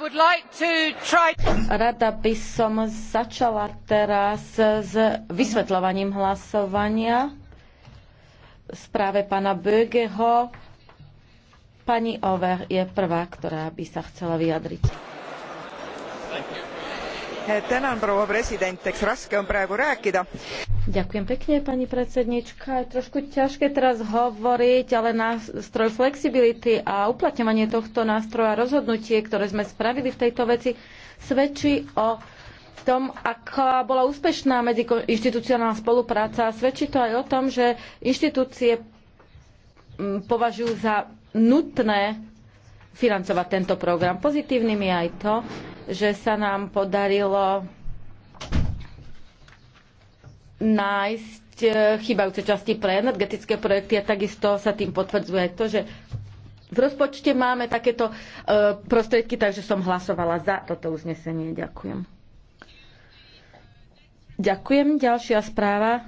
Like try... Rada by som začala teraz s vysvetľovaním hlasovania správe pána Bögeho. Pani Over je prvá, ktorá by sa chcela vyjadriť. Eh, Ďakujem pekne, pani predsednička. Je trošku ťažké teraz hovoriť, ale nástroj flexibility a uplatňovanie tohto nástroja rozhodnutie, ktoré sme spravili v tejto veci, svedčí o tom, aká bola úspešná medziinstitucionálna spolupráca. Svedčí to aj o tom, že inštitúcie mm, považujú za nutné financovať tento program. Pozitívnym je aj to, že sa nám podarilo nájsť eh, chýbajúce časti pre energetické projekty a takisto sa tým potvrdzuje to, že v rozpočte máme takéto eh, prostriedky, takže som hlasovala za toto uznesenie. Ďakujem. Ďakujem. Ďalšia správa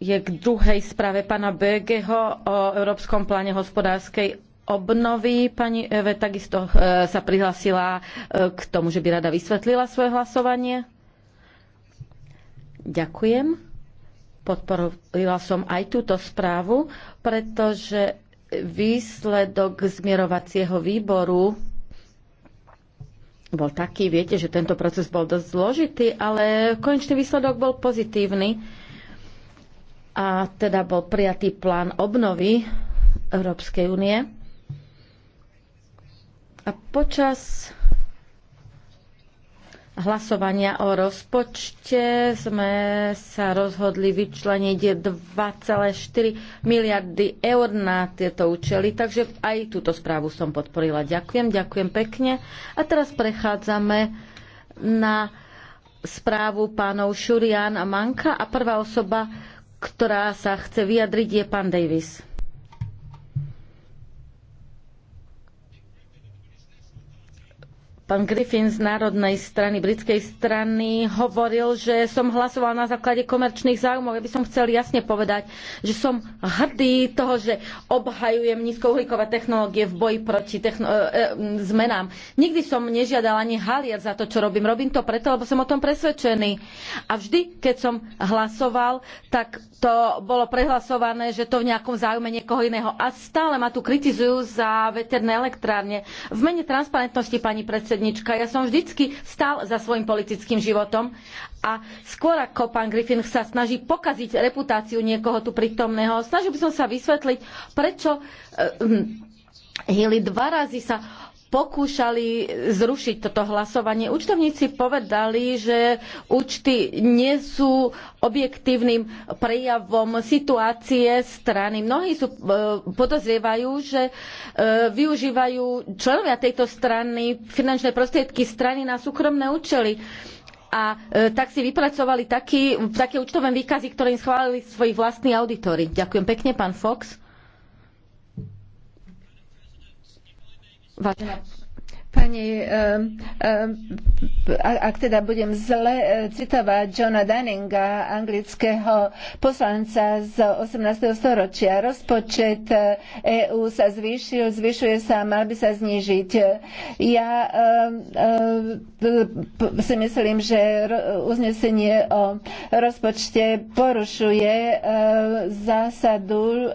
je k druhej správe pána Begeho o Európskom pláne hospodárskej obnovy. Pani Eve takisto e, sa prihlasila e, k tomu, že by rada vysvetlila svoje hlasovanie. Ďakujem. Podporila som aj túto správu, pretože výsledok zmierovacieho výboru bol taký, viete, že tento proces bol dosť zložitý, ale konečný výsledok bol pozitívny a teda bol prijatý plán obnovy Európskej únie Počas hlasovania o rozpočte sme sa rozhodli vyčleniť 2,4 miliardy eur na tieto účely, takže aj túto správu som podporila. Ďakujem, ďakujem pekne. A teraz prechádzame na správu pánov Šurian a Manka a prvá osoba, ktorá sa chce vyjadriť, je pán Davis. Pán Griffin z Národnej strany, britskej strany, hovoril, že som hlasoval na základe komerčných záujmov. Ja by som chcel jasne povedať, že som hrdý toho, že obhajujem nízkouhlíkové technológie v boji proti techno- e, e, zmenám. Nikdy som nežiadal ani haliať za to, čo robím. Robím to preto, lebo som o tom presvedčený. A vždy, keď som hlasoval, tak to bolo prehlasované, že to v nejakom záujme niekoho iného. A stále ma tu kritizujú za veterné elektrárne. V mene transparentnosti, pani predsedníčka, predsednička. Ja som vždycky stál za svojim politickým životom a skôr ako pán Griffin sa snaží pokaziť reputáciu niekoho tu prítomného, snažil by som sa vysvetliť, prečo Hili eh, hm, dva razy sa pokúšali zrušiť toto hlasovanie. Účtovníci povedali, že účty nie sú objektívnym prejavom situácie strany. Mnohí sú, e, podozrievajú, že e, využívajú členovia tejto strany finančné prostriedky strany na súkromné účely a e, tak si vypracovali taký, také účtové výkazy, ktoré im schválili svoji vlastní auditory. Ďakujem pekne, pán Fox. Vážená Pani, eh, eh, ak teda budem zle eh, citovať Johna Dunninga, anglického poslanca z 18. storočia, rozpočet EÚ e sa zvýšil, zvyšuje sa, mal by sa znížiť. Ja si myslím, že uznesenie o rozpočte porušuje zásadu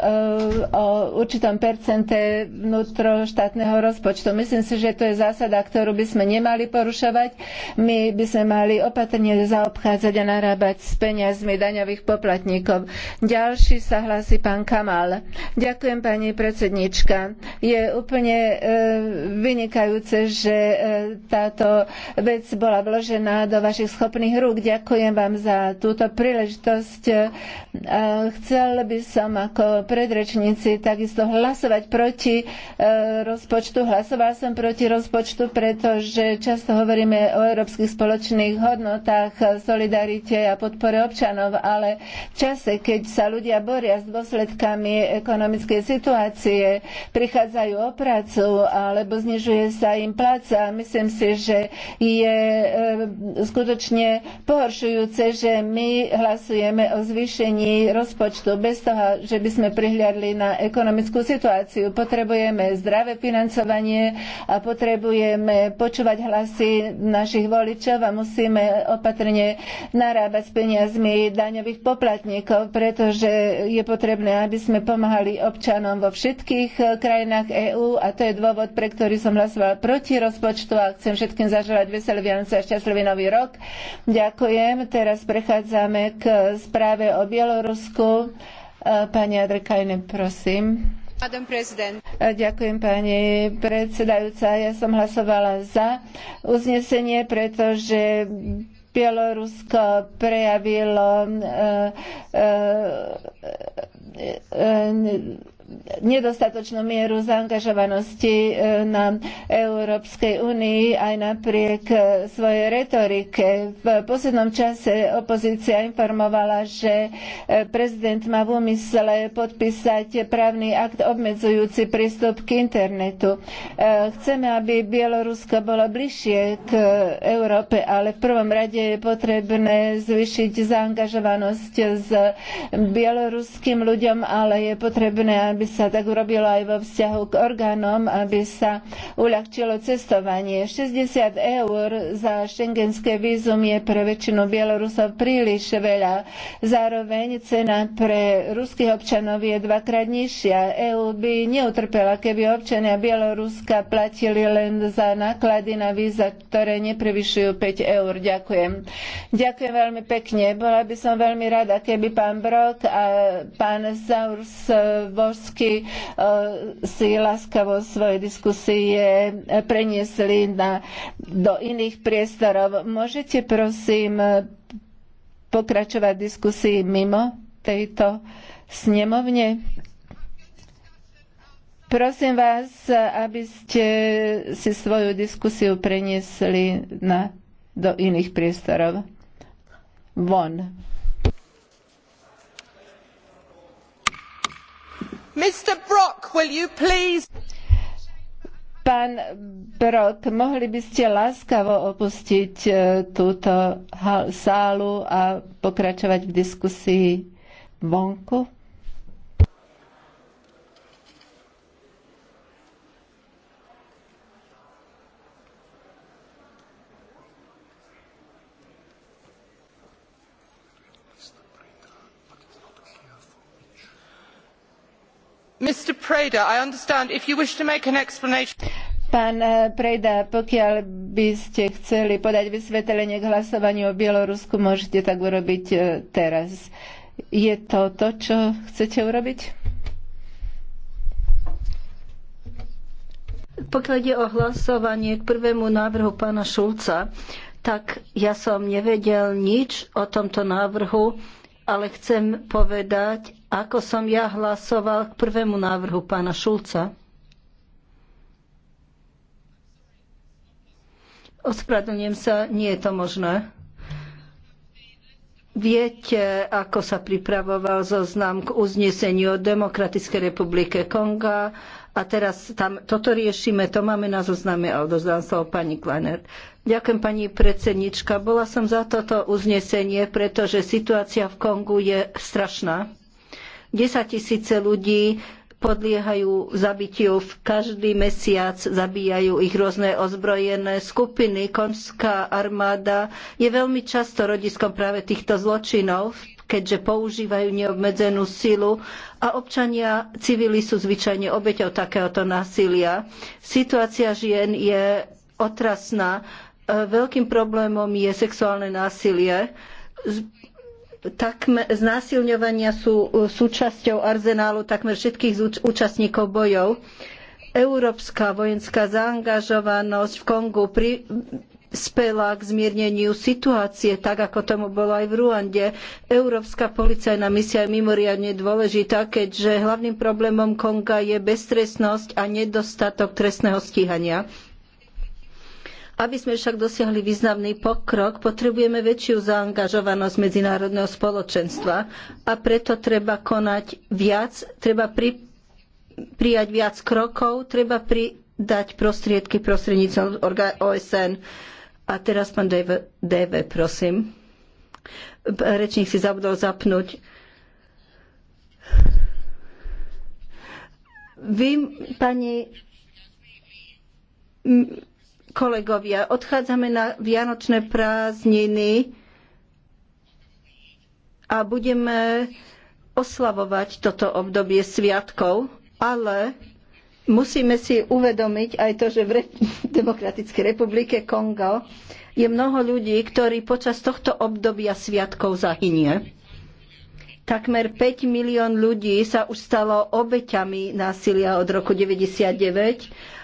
o určitom percente vnútroštátneho rozpočtu. Myslím si, že to je zásadu zásada, ktorú by sme nemali porušovať. My by sme mali opatrne zaobchádzať a narábať s peniazmi daňových poplatníkov. Ďalší sa hlási pán Kamal. Ďakujem pani predsednička. Je úplne e, vynikajúce, že e, táto vec bola vložená do vašich schopných rúk. Ďakujem vám za túto príležitosť. E, chcel by som ako predrečníci takisto hlasovať proti e, rozpočtu. Hlasoval som proti rozpočtu rozpočtu, pretože často hovoríme o európskych spoločných hodnotách, solidarite a podpore občanov, ale v čase, keď sa ľudia boria s dôsledkami ekonomickej situácie, prichádzajú o prácu alebo znižuje sa im pláca. Myslím si, že je e, skutočne pohoršujúce, že my hlasujeme o zvýšení rozpočtu bez toho, že by sme prihliadli na ekonomickú situáciu. Potrebujeme zdravé financovanie a potrebujeme potrebujeme počúvať hlasy našich voličov a musíme opatrne narábať s peniazmi daňových poplatníkov, pretože je potrebné, aby sme pomáhali občanom vo všetkých krajinách EÚ a to je dôvod, pre ktorý som hlasovala proti rozpočtu a chcem všetkým zaželať veselé Vianoce a šťastlivý nový rok. Ďakujem. Teraz prechádzame k správe o Bielorusku. E, pani Adrkajne, prosím. E, ďakujem pani predsedajúca. Ja som hlasovala za uznesenie, pretože Bielorusko prejavilo e, e, e, nedostatočnú mieru zaangažovanosti e, na Európskej únii aj napriek e, svojej retorike. V poslednom čase opozícia informovala, že e, prezident má v úmysle podpísať právny akt obmedzujúci prístup k internetu. Chceme, aby Bielorusko bolo bližšie k Európe, ale v prvom rade je potrebné zvýšiť zaangažovanosť s bieloruským ľuďom, ale je potrebné, aby sa tak urobilo aj vo vzťahu k orgánom, aby sa uľahčilo cestovanie. 60 eur za šengenské vízum je pre väčšinu Bielorusov príliš veľa. Zároveň cena pre ruských občanov je dvakrát nižšia. EU by neutrpela, keby občania Bieloruska platili len za náklady na víza, ktoré neprevyšujú 5 eur. Ďakujem. Ďakujem veľmi pekne. Bola by som veľmi rada, keby pán Brok a pán Saurs vo otázky e, si láskavo svoje diskusie preniesli na, do iných priestorov. Môžete prosím pokračovať diskusii mimo tejto snemovne? Prosím vás, aby ste si svoju diskusiu preniesli na, do iných priestorov. Von. Brock, Pán Brok, mohli by ste láskavo opustiť e, túto sálu a pokračovať v diskusii vonku? Pán eh, preda pokiaľ by ste chceli podať vysvetlenie k hlasovaniu o Bielorusku, môžete tak urobiť eh, teraz. Je to to, čo chcete urobiť? Pokiaľ ide o hlasovanie k prvému návrhu pána Šulca, tak ja som nevedel nič o tomto návrhu, ale chcem povedať, ako som ja hlasoval k prvému návrhu pána Šulca. Ospravedlňujem sa, nie je to možné. Viete, ako sa pripravoval zoznam k uzneseniu o Demokratickej republike Konga a teraz tam, toto riešime, to máme na zozname a odozdám slovo pani Kleiner. Ďakujem pani predsednička. Bola som za toto uznesenie, pretože situácia v Kongu je strašná 10 tisíce ľudí podliehajú zabitiu. v Každý mesiac zabíjajú ich rôzne ozbrojené skupiny. Konská armáda je veľmi často rodiskom práve týchto zločinov, keďže používajú neobmedzenú silu a občania civili sú zvyčajne obeťou takéhoto násilia. Situácia žien je otrasná. Veľkým problémom je sexuálne násilie Takmer znásilňovania sú e, súčasťou arzenálu takmer všetkých účastníkov bojov. Európska vojenská zaangažovanosť v Kongu pri, spela k zmierneniu situácie, tak ako tomu bolo aj v Ruande. Európska policajná misia je mimoriadne dôležitá, keďže hlavným problémom Konga je beztrestnosť a nedostatok trestného stíhania. Aby sme však dosiahli významný pokrok, potrebujeme väčšiu zaangažovanosť medzinárodného spoločenstva a preto treba konať viac, treba pri, prijať viac krokov, treba pridať prostriedky prostredníctvom OSN. A teraz pán DV, prosím. Rečník si zabudol zapnúť. Vy, pani kolegovia, odchádzame na vianočné prázdniny a budeme oslavovať toto obdobie sviatkov, ale musíme si uvedomiť aj to, že v Demokratickej republike Kongo je mnoho ľudí, ktorí počas tohto obdobia sviatkov zahynie. Takmer 5 milión ľudí sa už stalo obeťami násilia od roku 99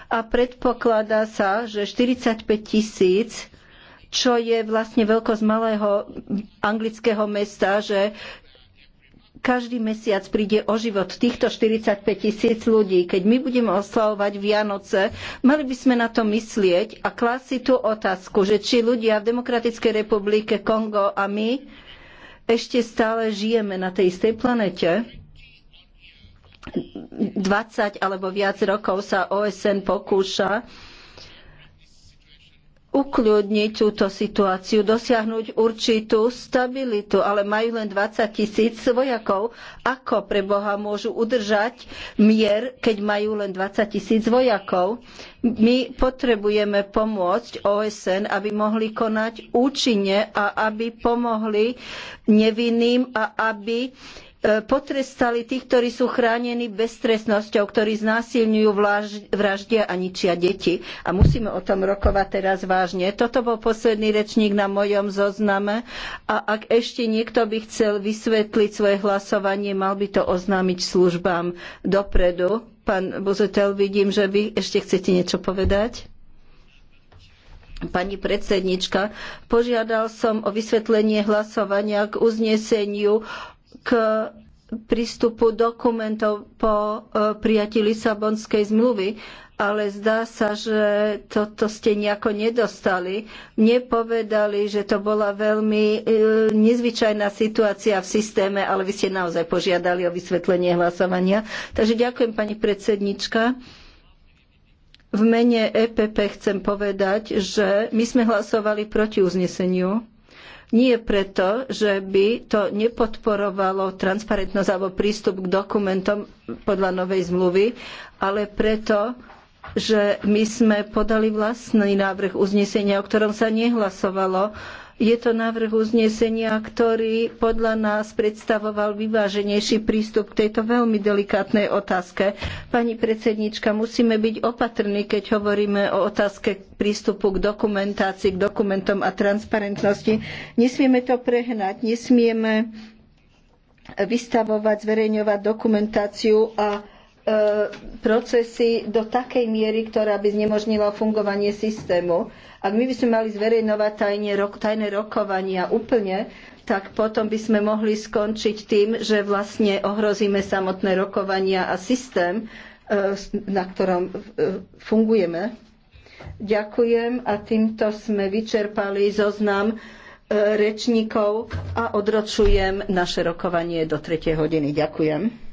a predpokladá sa, že 45 tisíc čo je vlastne veľkosť malého anglického mesta, že každý mesiac príde o život týchto 45 tisíc ľudí. Keď my budeme oslavovať Vianoce, mali by sme na to myslieť a klásiť tú otázku, že či ľudia v Demokratickej republike Kongo a my ešte stále žijeme na tej istej planete. 20 alebo viac rokov sa OSN pokúša ukľudniť túto situáciu, dosiahnuť určitú stabilitu, ale majú len 20 tisíc vojakov. Ako pre Boha môžu udržať mier, keď majú len 20 tisíc vojakov? My potrebujeme pomôcť OSN, aby mohli konať účinne a aby pomohli nevinným a aby e, potrestali tých, ktorí sú chránení beztrestnosťou, ktorí znásilňujú, vraždia a ničia deti. A musíme o tom rokovať teraz vážne. Toto bol posledný rečník na mojom zozname a ak ešte niekto by chcel vysvetliť svoje hlasovanie, mal by to oznámiť službám dopredu. Pán Bozetel, vidím, že vy ešte chcete niečo povedať. Pani predsednička, požiadal som o vysvetlenie hlasovania k uzneseniu k prístupu dokumentov po e, prijatí Lisabonskej zmluvy ale zdá sa, že toto ste nejako nedostali. Mne povedali, že to bola veľmi e, nezvyčajná situácia v systéme, ale vy ste naozaj požiadali o vysvetlenie hlasovania. Takže ďakujem, pani predsednička. V mene EPP chcem povedať, že my sme hlasovali proti uzneseniu. Nie preto, že by to nepodporovalo transparentnosť alebo prístup k dokumentom podľa novej zmluvy, ale preto, že my sme podali vlastný návrh uznesenia, o ktorom sa nehlasovalo. Je to návrh uznesenia, ktorý podľa nás predstavoval vyváženejší prístup k tejto veľmi delikátnej otázke. Pani predsednička, musíme byť opatrní, keď hovoríme o otázke prístupu k dokumentácii, k dokumentom a transparentnosti. Nesmieme to prehnať, nesmieme vystavovať, zverejňovať dokumentáciu a E, procesy do takej miery, ktorá by znemožnila fungovanie systému. Ak my by sme mali zverejnovať tajne, tajné rokovania úplne, tak potom by sme mohli skončiť tým, že vlastne ohrozíme samotné rokovania a systém, e, na ktorom e, fungujeme. Ďakujem a týmto sme vyčerpali zoznam rečníkov a odročujem naše rokovanie do 3. hodiny. Ďakujem.